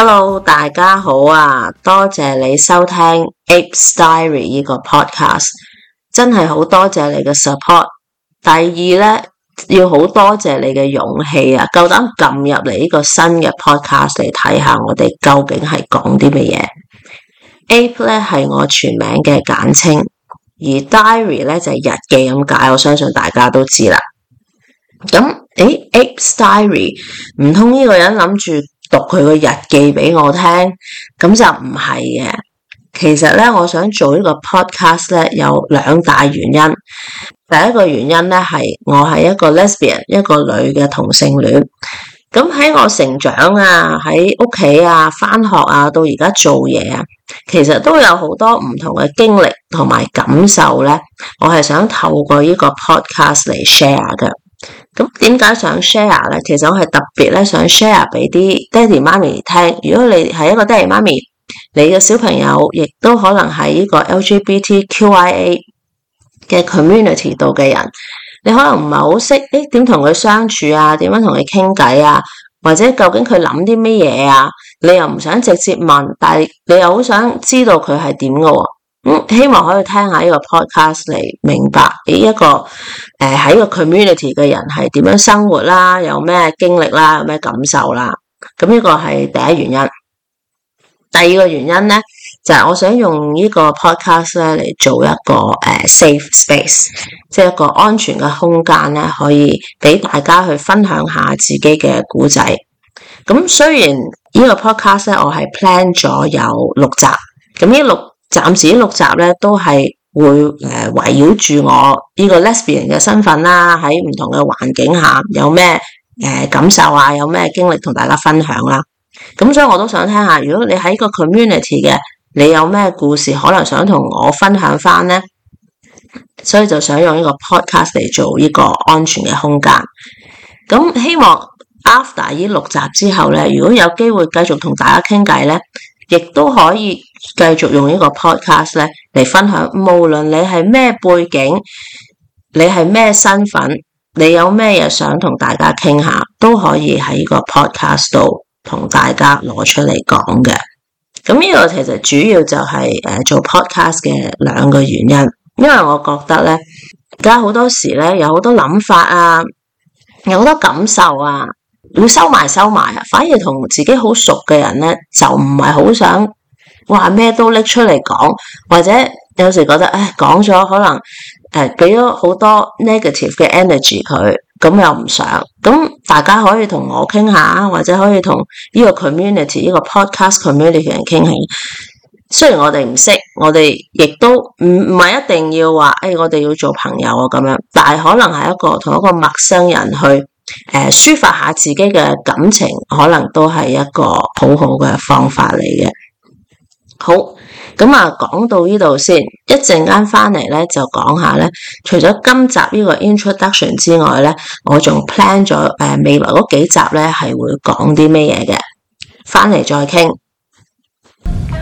Hello，大家好啊！多謝你收聽 Ape Diary 呢個 podcast，真係好多謝你嘅 support。第二咧，要好多謝你嘅勇氣啊，夠膽撳入嚟呢個新嘅 podcast 嚟睇下我哋究竟係講啲乜嘢。Ape 咧係我全名嘅簡稱，而 diary 咧就係日記咁解，我相信大家都知啦。咁誒，Ape Diary，唔通呢個人諗住？讀佢個日記俾我聽，咁就唔係嘅。其實咧，我想做呢個 podcast 咧，有兩大原因。第一個原因咧，係我係一個 lesbian，一個女嘅同性戀。咁喺我成長啊，喺屋企啊，翻學啊，到而家做嘢啊，其實都有好多唔同嘅經歷同埋感受咧。我係想透過呢個 podcast 嚟 share 嘅。咁點解想 share 咧？其實我係特別咧想 share 俾啲爹哋媽咪聽。如果你係一個爹哋媽咪，你嘅小朋友亦都可能係呢個 LGBTQIA 嘅 community 度嘅人，你可能唔係好識誒，點同佢相處啊？點樣同佢傾偈啊？或者究竟佢諗啲咩嘢啊？你又唔想直接問，但係你又好想知道佢係點嘅喎。咁希望可以聽下呢個 podcast 嚟，明白一個誒喺個 community 嘅人係點樣生活啦，有咩經歷啦，有咩感受啦。咁呢個係第一原因。第二個原因咧，就係我想用呢個 podcast 咧嚟做一個誒 safe space，即係一個安全嘅空間咧，可以俾大家去分享下自己嘅古仔。咁雖然呢個 podcast 咧，我係 plan 咗有六集，咁呢六。暫時六集咧，都係會誒圍繞住我呢個 lesbian 嘅身份啦，喺唔同嘅環境下有咩誒感受啊，有咩經歷同大家分享啦。咁所以我都想聽下，如果你喺個 community 嘅，你有咩故事可能想同我分享翻呢？所以就想用呢個 podcast 嚟做呢個安全嘅空間。咁希望 after 呢六集之後咧，如果有機會繼續同大家傾偈咧。亦都可以繼續用呢個 podcast 咧嚟分享，無論你係咩背景，你係咩身份，你有咩嘢想同大家傾下，都可以喺呢個 podcast 度同大家攞出嚟講嘅。咁呢個其實主要就係誒做 podcast 嘅兩個原因，因為我覺得咧，而家好多時咧有好多諗法啊，有好多感受啊。要收埋收埋啊！反而同自己好熟嘅人咧，就唔係好想話咩都拎出嚟講，或者有時覺得誒講咗可能誒俾咗好多 negative 嘅 energy 佢，咁又唔想。咁大家可以同我傾下，或者可以同呢個 community 呢個 podcast community 嘅人傾下，雖然我哋唔識，我哋亦都唔唔係一定要話誒我哋要做朋友啊咁樣，但係可能係一個同一個陌生人去。誒、呃，抒發下自己嘅感情，可能都係一個好好嘅方法嚟嘅。好，咁啊，講到呢度先，一陣間返嚟咧就講下咧。除咗今集呢個 introduction 之外咧，我仲 plan 咗誒、呃、未來嗰幾集咧係會講啲咩嘢嘅。返嚟再傾。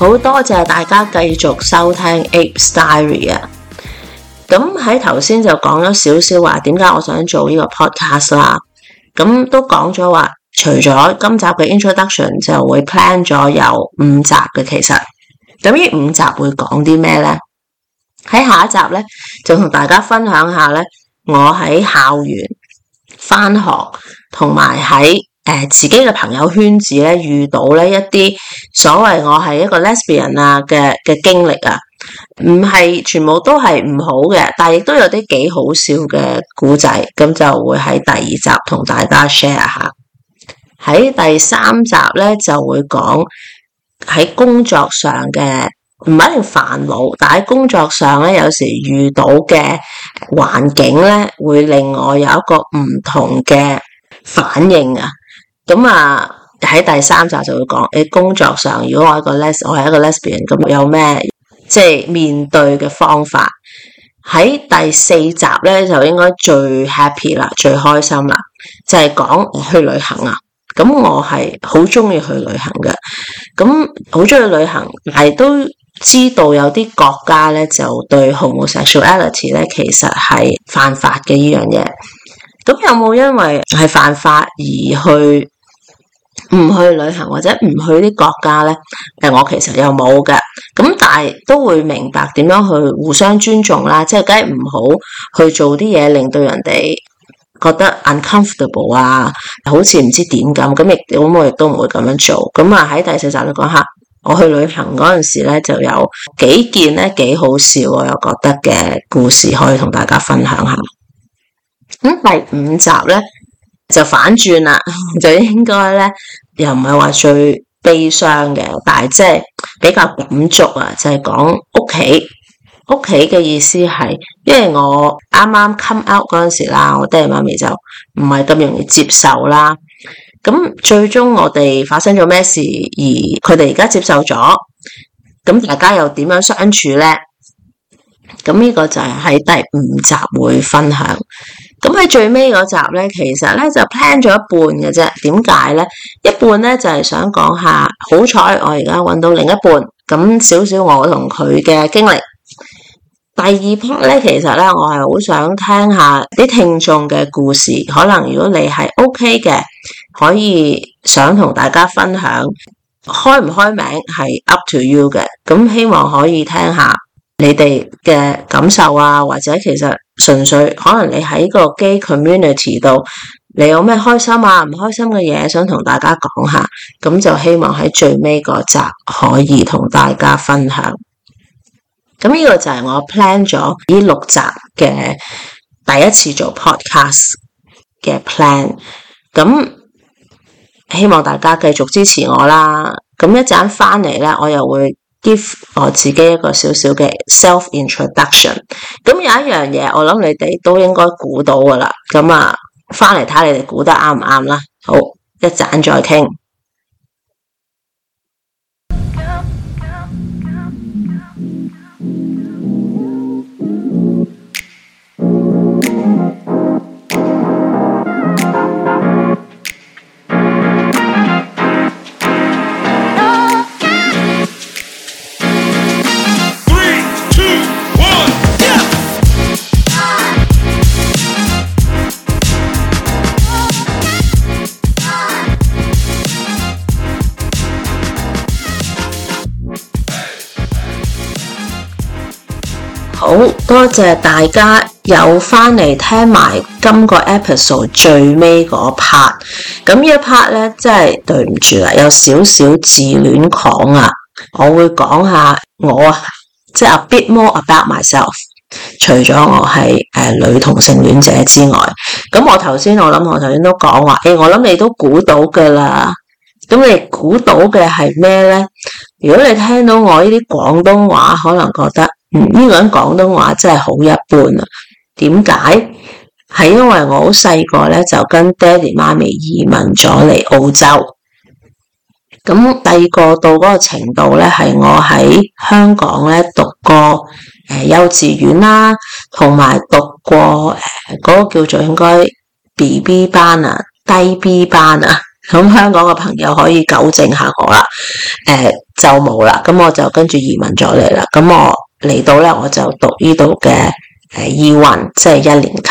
好，多謝大家繼續收聽 Ape Story 啊！咁喺頭先就講咗少少話，點解我想做呢個 podcast 啦？咁都講咗話，除咗今集嘅 introduction 就會 plan 咗有五集嘅，其實咁呢五集會講啲咩呢？喺下一集呢，就同大家分享下呢：我喺校園返學同埋喺。誒，自己嘅朋友圈子咧，遇到咧一啲所謂我係一個 lesbian 啊嘅嘅經歷啊，唔係全部都係唔好嘅，但係亦都有啲幾好笑嘅古仔，咁就會喺第二集同大家 share 下。喺第三集咧就會講喺工作上嘅唔一定煩惱，但喺工作上咧有時遇到嘅環境咧，會令我有一個唔同嘅反應啊。咁啊，喺第三集就會講，你、欸、工作上如果我係一個 les，我係一個 lesbian，咁有咩即係面對嘅方法？喺第四集咧，就應該最 happy 啦，最開心啦，就係、是、講我去旅行啊。咁我係好中意去旅行嘅，咁好中意旅行，但係都知道有啲國家咧就對 homosexuality 咧，其實係犯法嘅呢樣嘢。咁有冇因為係犯法而去？唔去旅行或者唔去啲國家咧，誒，我其實又冇嘅，咁但係都會明白點樣去互相尊重啦，即係梗係唔好去做啲嘢令到人哋覺得 uncomfortable 啊，好似唔知點咁，咁亦我我亦都唔會咁樣做。咁啊喺第四集度講下，我去旅行嗰陣時咧就有幾件咧幾好笑我又覺得嘅故事可以同大家分享下。咁第五集咧。就反轉啦，就應該咧，又唔係話最悲傷嘅，但係即係比較感觸啊，就係講屋企，屋企嘅意思係，因為我啱啱 come out 嗰陣時啦，我爹哋媽咪就唔係咁容易接受啦。咁最終我哋發生咗咩事，而佢哋而家接受咗，咁大家又點樣相處咧？咁呢個就係喺第五集會分享。咁喺最尾嗰集咧，其實咧就 plan 咗一半嘅啫。點解咧？一半咧就係、是、想講下，好彩我而家揾到另一半，咁少少我同佢嘅經歷。第二 part 咧，其實咧我係好想聽下啲聽眾嘅故事。可能如果你係 OK 嘅，可以想同大家分享，開唔開名係 up to you 嘅。咁希望可以聽下你哋嘅感受啊，或者其實。純粹可能你喺個 gay community 度，你有咩開心啊、唔開心嘅嘢想同大家講下，咁就希望喺最尾個集可以同大家分享。咁呢個就係我 plan 咗呢六集嘅第一次做 podcast 嘅 plan。咁希望大家繼續支持我啦。咁一陣間翻嚟咧，我又會。give 我自己一個小小嘅 self introduction，咁有一樣嘢，我諗你哋都應該估到㗎喇，咁啊，返嚟睇你哋估得啱唔啱啦，好，一陣再傾。多謝大家又翻嚟聽埋今個 episode 最尾嗰 part，咁呢一 part 咧，真係對唔住啦，有少少自戀狂啊！我會講下我啊，即係 a bit more about myself 除，除咗我係誒女同性戀者之外，咁我頭先我諗我頭先都講話，誒，我諗、欸、你都估到噶啦。咁你估到嘅係咩咧？如果你聽到我呢啲廣東話，可能覺得。呢、嗯、個人廣東話真係好一般啊！點解？係因為我好細個咧，就跟爹哋媽咪移民咗嚟澳洲。咁第二個到嗰個程度咧，係我喺香港咧讀過誒、呃、幼稚園啦，同埋讀過誒嗰、呃那個叫做應該 B B 班啊，低 B 班啊。咁香港嘅朋友可以糾正下我啦。誒、呃，就冇啦。咁我就跟住移民咗嚟啦。咁我。嚟到啦，我就讀呢度嘅誒二環，即係一年級。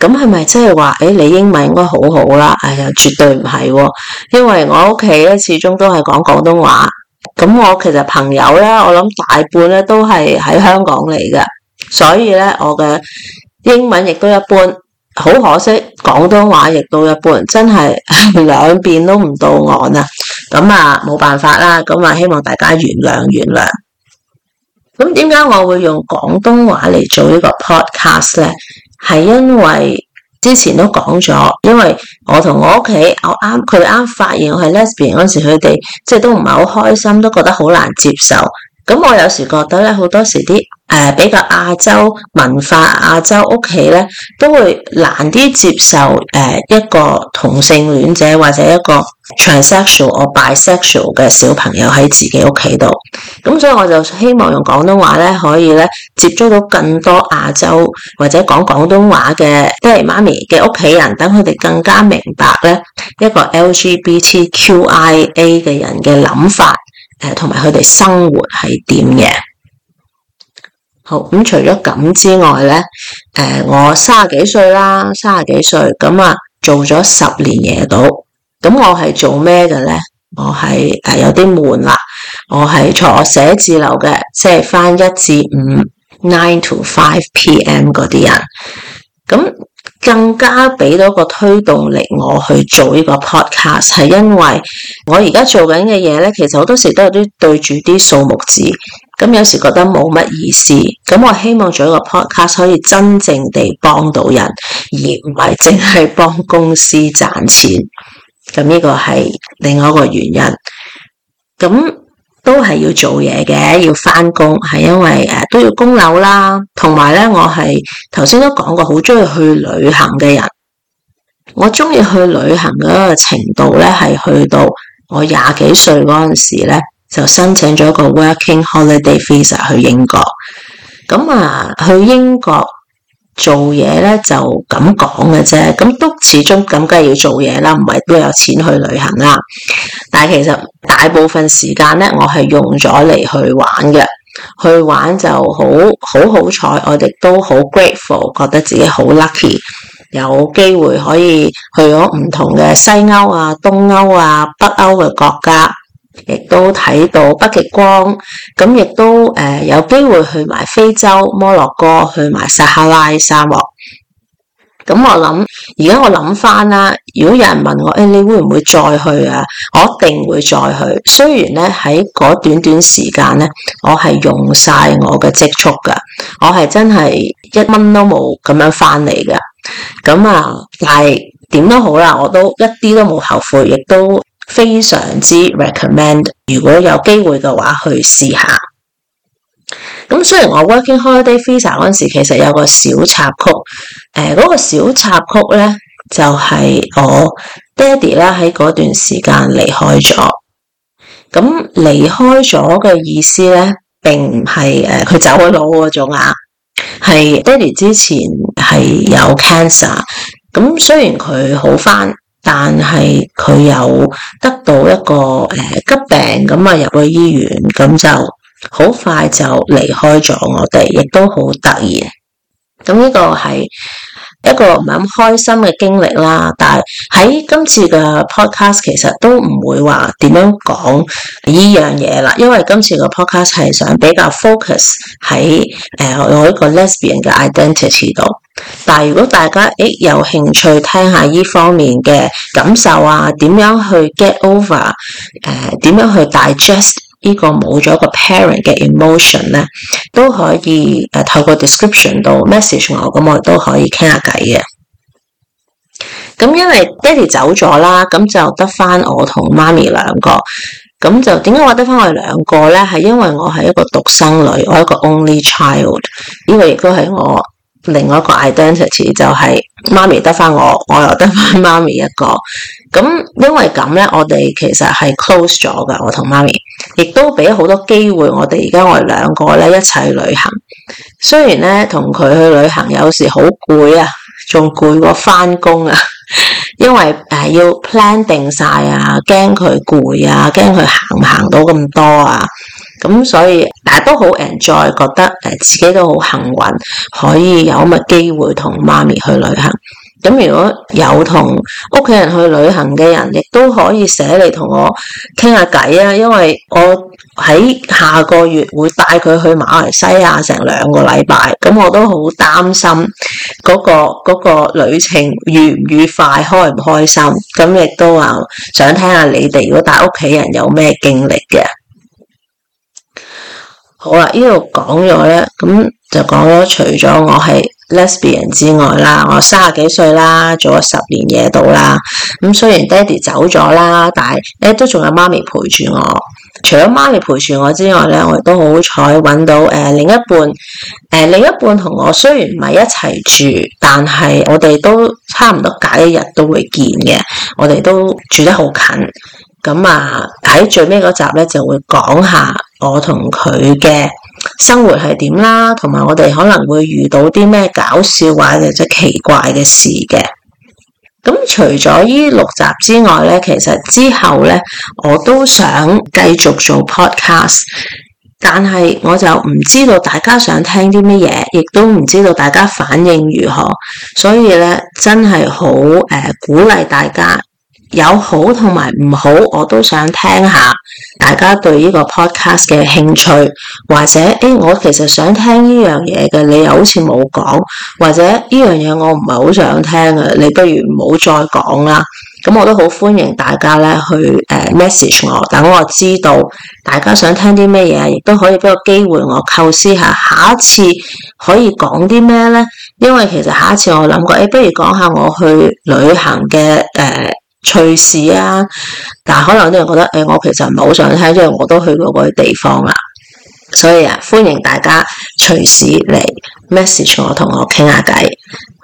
咁係咪即係話誒你英文應該好好啦？哎呀，絕對唔係喎，因為我屋企咧始終都係講廣東話。咁我其實朋友咧，我諗大半咧都係喺香港嚟嘅，所以咧我嘅英文亦都一般，好可惜，廣東話亦都一般，真係兩邊都唔到岸啊！咁啊，冇辦法啦，咁啊希望大家原諒原諒。咁點解我會用廣東話嚟做呢個 podcast 呢？係因為之前都講咗，因為我同我屋企，我啱佢啱發現我係 lesbian 嗰時，佢哋即係都唔係好開心，都覺得好難接受。咁我有時覺得咧，好多時啲誒、呃、比較亞洲文化、亞洲屋企咧，都會難啲接受誒、呃、一個同性戀者或者一個 transsexual or bisexual 嘅小朋友喺自己屋企度。咁所以我就希望用廣東話咧，可以咧接觸到更多亞洲或者講廣東話嘅爹哋媽咪嘅屋企人，等佢哋更加明白咧一個 LGBTQIA 嘅人嘅諗法。誒同埋佢哋生活係點嘅？好，咁，除咗咁之外咧，誒我卅幾歲三十啦，三十幾歲咁啊，做咗十年嘢到，咁我係做咩嘅咧？我係誒有啲悶啦，我係坐喺寫字樓嘅，即係返一至五 nine to five p.m. 嗰啲人，咁。更加俾到個推動力我去做呢個 Podcast，係因為我而家做緊嘅嘢咧，其實好多時都有啲對住啲數目字，咁有時覺得冇乜意思，咁我希望做一個 Podcast 可以真正地幫到人，而唔係淨係幫公司賺錢，咁呢個係另外一個原因，咁。都係要做嘢嘅，要翻工，係因為誒、呃、都要供樓啦，同埋咧我係頭先都講過，好中意去旅行嘅人。我中意去旅行嘅一個程度咧，係去到我廿幾歲嗰陣時咧，就申請咗個 Working Holiday Visa 去英國。咁、嗯、啊、呃，去英國。做嘢咧就咁講嘅啫，咁都始終咁梗係要做嘢啦，唔係都有錢去旅行啦。但係其實大部分時間咧，我係用咗嚟去玩嘅，去玩就好好好彩，我哋都好 grateful，覺得自己好 lucky，有機會可以去咗唔同嘅西歐啊、東歐啊、北歐嘅國家。亦都睇到北極光，咁亦都誒有機會去埋非洲摩洛哥，去埋撒哈拉沙漠。咁我諗，而家我諗翻啦，如果有人問我誒、哎，你會唔會再去啊？我一定會再去。雖然咧喺嗰短短時間咧，我係用晒我嘅積蓄噶，我係真係一蚊都冇咁樣翻嚟嘅。咁啊，但係點都好啦，我都一啲都冇後悔，亦都。非常之 recommend，如果有機會嘅話，去試下。咁、嗯、雖然我 working holiday visa 嗰陣時，其實有個小插曲。誒、呃、嗰、那個小插曲咧，就係、是、我爹哋啦，喺嗰段時間離開咗。咁、嗯、離開咗嘅意思咧，並唔係誒佢走咗嗰種啊。係爹哋之前係有 cancer，咁、嗯、雖然佢好返。但係佢有得到一個誒、呃、急病，咁啊入去醫院，咁就好快就離開咗我哋，亦都好突然。咁呢個係。一個唔係咁開心嘅經歷啦，但係喺今次嘅 podcast 其實都唔會話點樣講呢樣嘢啦，因為今次嘅 podcast 係想比較 focus 喺誒，我，呃、一個 lesbian 嘅 identity 度。但係如果大家誒有興趣聽下呢方面嘅感受啊，點樣去 get over 誒、呃，點樣去 digest？呢個冇咗個 parent 嘅 emotion 咧，都可以誒、呃、透過 description 到 message 我，咁我都可以傾下偈嘅。咁、嗯、因為爹哋走咗啦，咁就得翻我同媽咪兩個。咁就點解我得翻我哋兩個咧？係因為我係一個獨生女，我一個 only child，呢個亦都係我。另外一個 identity 就係媽咪得翻我，我又得翻媽咪一個。咁因為咁咧，我哋其實係 close 咗嘅，我同媽咪，亦都俾好多機會我哋。而家我哋兩個咧一齊去旅行，雖然咧同佢去旅行有時好攰啊，仲攰過翻工啊，因為誒、呃、要 plan 定晒啊，驚佢攰啊，驚佢行唔行到咁多啊。咁所以，大家都好 enjoy，覺得誒自己都好幸運，可以有乜機會同媽咪去旅行。咁如果有同屋企人去旅行嘅人，亦都可以寫嚟同我傾下偈啊！因為我喺下個月會帶佢去馬來西亞成兩個禮拜，咁我都好擔心嗰、嗰個、嗰個旅程愉唔愉快，開唔開心。咁亦都話想聽下你哋如果帶屋企人有咩經歷嘅。好啦，呢度講咗咧，咁就講咗除咗我係 Lesbian 之外啦，我三十幾歲啦，做咗十年嘢到啦。咁雖然爹哋走咗啦，但係誒、欸、都仲有媽咪陪住我。除咗媽咪陪住我之外咧，我亦都好彩揾到誒、呃、另一半。誒、呃、另一半同我雖然唔係一齊住，但係我哋都差唔多隔一日都會見嘅。我哋都住得好近。咁啊，喺最尾嗰集咧，就會講下我同佢嘅生活係點啦，同埋我哋可能會遇到啲咩搞笑話，或者奇怪嘅事嘅。咁除咗呢六集之外咧，其實之後咧，我都想繼續做 podcast，但係我就唔知道大家想聽啲乜嘢，亦都唔知道大家反應如何，所以咧真係好誒鼓勵大家。有好同埋唔好，我都想聽下大家對呢個 podcast 嘅興趣，或者誒、欸，我其實想聽呢樣嘢嘅，你又好似冇講，或者呢樣嘢我唔係好想聽嘅，你不如唔好再講啦。咁我都好歡迎大家咧去誒 message 我，等我知道大家想聽啲咩嘢，亦都可以俾個機會我構思一下下一次可以講啲咩呢？因為其實下一次我諗過，誒、欸，不如講下我去旅行嘅誒。呃隨時啊，但可能啲人覺得，誒、哎，我其實唔係好想聽，因為我都去過嗰啲地方啦，所以啊，歡迎大家隨時嚟 message 我，同我傾下偈。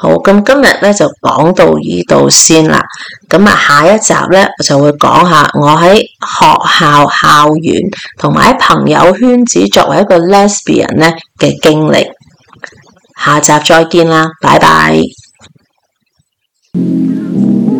好，咁今日咧就講到呢度先啦。咁啊，下一集咧，我就會講下我喺學校校園同埋喺朋友圈子作為一個 lesbian 咧嘅經歷。下集再見啦，拜拜。